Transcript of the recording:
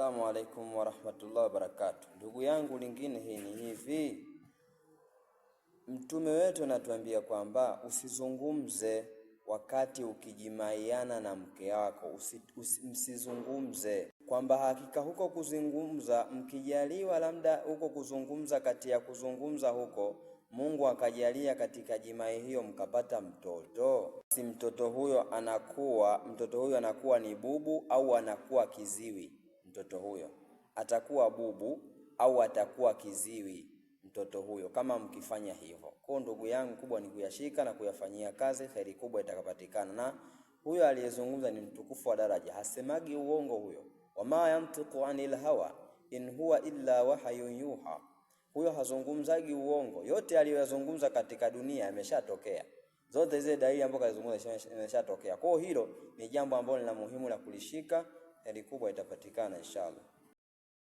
Assalamu alaikum warahmatullahi wabarakatu. Ndugu yangu, lingine hii ni hivi, mtume wetu anatuambia kwamba usizungumze wakati ukijimaiana na mke wako msizungumze kwamba hakika huko kuzungumza, mkijaliwa labda huko kuzungumza, kati ya kuzungumza huko Mungu akajalia katika jimai hiyo mkapata mtoto, si mtoto huyo anakuwa mtoto huyo anakuwa ni bubu au anakuwa kiziwi mtoto huyo, atakuwa bubu au atakuwa kiziwi mtoto huyo kama mkifanya hivyo. Kwa ndugu yangu, kubwa ni kuyashika na kuyafanyia kazi, kheri kubwa itakapatikana. Na huyo aliyezungumza ni mtukufu wa daraja, hasemagi uongo huyo. Wama yantiqu anil hawa in huwa illa wahyun yuha, huyo hazungumzagi uongo. Yote aliyoyazungumza katika dunia yameshatokea, zote zile dalili ambazo kazungumza zimeshatokea. Kwa hilo ni jambo ambalo ni la muhimu la kulishika heri kubwa itapatikana inshallah.